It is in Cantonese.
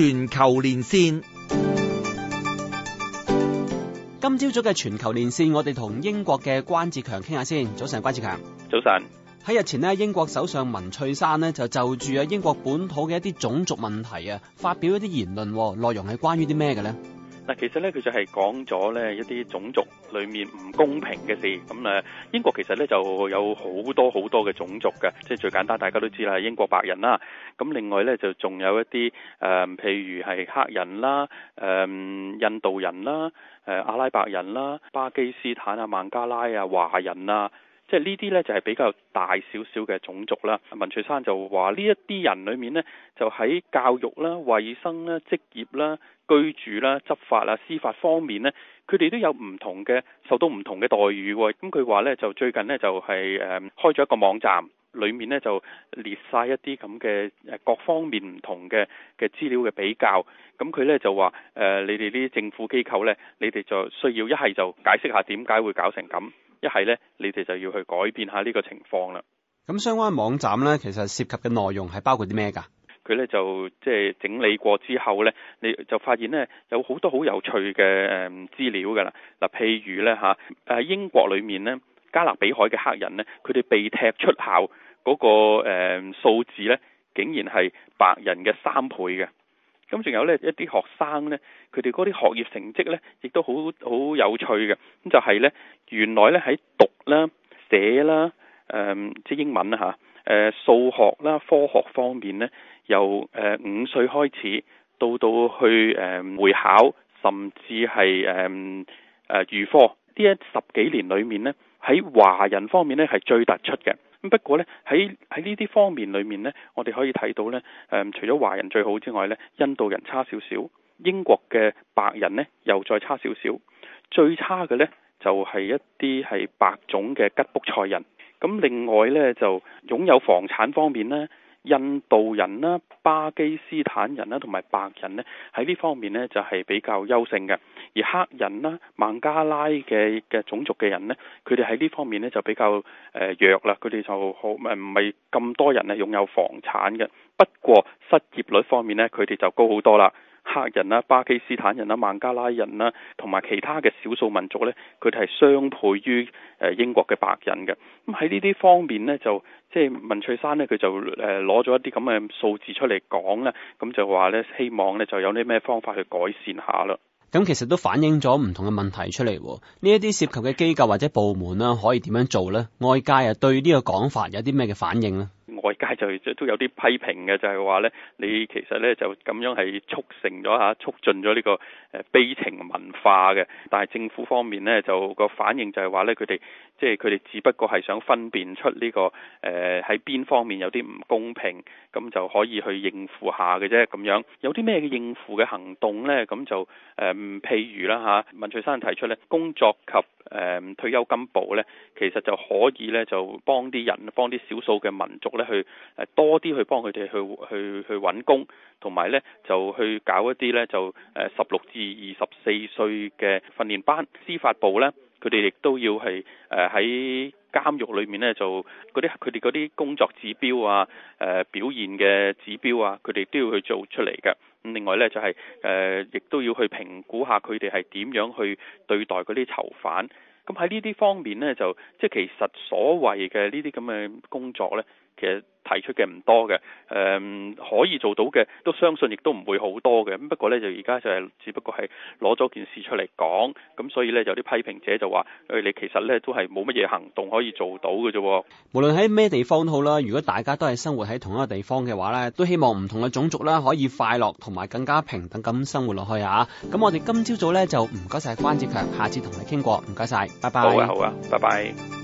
全球連線，今朝早嘅全球連線，我哋同英國嘅關志強傾下先。早晨，關志強。早晨。喺日前呢，英國首相文翠珊呢，就就住啊英國本土嘅一啲種族問題啊發表一啲言論，內容係關於啲咩嘅呢？嗱，其實咧佢就係講咗咧一啲種族裏面唔公平嘅事。咁英國其實咧就有好多好多嘅種族嘅，即係最簡單大家都知啦，英國白人啦。咁另外咧就仲有一啲誒，譬如係黑人啦、誒、呃、印度人啦、呃、阿拉伯人啦、巴基斯坦啊、孟加拉啊、華人啊。即係呢啲呢，就係比較大少少嘅種族啦。文翠珊就話呢一啲人裏面呢，就喺教育啦、衛生啦、職業啦、居住啦、執法啦、司法方面呢，佢哋都有唔同嘅受到唔同嘅待遇。咁佢話呢，就最近呢，就係誒開咗一個網站。裏面咧就列晒一啲咁嘅誒各方面唔同嘅嘅資料嘅比較，咁佢咧就話誒你哋呢啲政府機構咧，你哋就需要一係就解釋下點解會搞成咁，一係咧你哋就要去改變下呢個情況啦。咁相關網站咧，其實涉及嘅內容係包括啲咩噶？佢咧就即係整理過之後咧，你就發現咧有好多好有趣嘅誒資料噶啦。嗱，譬如咧嚇，誒英國裏面咧加勒比海嘅黑人咧，佢哋被踢出校。嗰、那個誒、嗯、數字呢，竟然係白人嘅三倍嘅。咁仲有呢一啲學生呢，佢哋嗰啲學業成績呢，亦都好好有趣嘅。咁就係呢，原來呢，喺讀啦、寫啦、誒、嗯、即英文啦嚇、誒、呃、數學啦、科學方面呢，由誒、呃、五歲開始到到去誒會、呃、考，甚至係誒誒預科呢一十幾年裏面呢，喺華人方面呢，係最突出嘅。不過呢，喺喺呢啲方面裏面呢，我哋可以睇到呢，嗯，除咗華人最好之外呢，印度人差少少，英國嘅白人呢又再差少少，最差嘅呢，就係一啲係白種嘅吉卜賽人。咁另外呢，就擁有房產方面呢。印度人啦、巴基斯坦人啦同埋白人呢，喺呢方面呢就係比較優勝嘅；而黑人啦、孟加拉嘅嘅種族嘅人呢，佢哋喺呢方面呢就比較誒弱啦，佢哋就好唔係咁多人啊擁有房產嘅。不過失業率方面呢，佢哋就高好多啦。黑人啦、巴基斯坦人啦、孟加拉人啦，同埋其他嘅少數民族咧，佢哋係雙倍於誒英國嘅白人嘅。咁喺呢啲方面咧，就即係文翠珊咧，佢就誒攞咗一啲咁嘅數字出嚟講啦，咁就話咧，希望咧就有啲咩方法去改善下啦。咁其實都反映咗唔同嘅問題出嚟。呢一啲涉及嘅機構或者部門啦，可以點樣做咧？外界啊對呢個講法有啲咩嘅反應咧？外界就都有啲批評嘅，就係話咧，你其實咧就咁樣係促成咗吓，促進咗呢個誒悲情文化嘅。但係政府方面咧，就個反應就係話咧，佢哋。即係佢哋只不過係想分辨出呢個誒喺邊方面有啲唔公平，咁就可以去應付一下嘅啫。咁樣有啲咩嘅應付嘅行動呢？咁就誒譬如啦嚇，文翠珊提出呢工作及退休金部呢，其實就可以呢就幫啲人，幫啲少數嘅民族呢，去誒多啲去幫佢哋去去去揾工，同埋呢就去搞一啲呢，就誒十六至二十四歲嘅訓練班。司法部呢。佢哋亦都要係誒喺監獄裏面咧，就啲佢哋嗰啲工作指標啊、誒、呃、表現嘅指標啊，佢哋都要去做出嚟嘅。咁另外呢，就係、是、誒，亦、呃、都要去評估下佢哋係點樣去對待嗰啲囚犯。咁喺呢啲方面呢，就即係其實所謂嘅呢啲咁嘅工作呢，其實。提出嘅唔多嘅，誒、嗯、可以做到嘅，都相信亦都唔會好多嘅。不過呢，就而家就係只不過係攞咗件事出嚟講，咁所以呢，有啲批評者就話：誒、哎、你其實呢，都係冇乜嘢行動可以做到嘅啫。無論喺咩地方都好啦，如果大家都係生活喺同一個地方嘅話呢，都希望唔同嘅種族啦可以快樂同埋更加平等咁生活落去啊！咁我哋今朝早呢，就唔該晒關志強，下次同你傾過，唔該晒。拜拜。好啊，好啊，拜拜。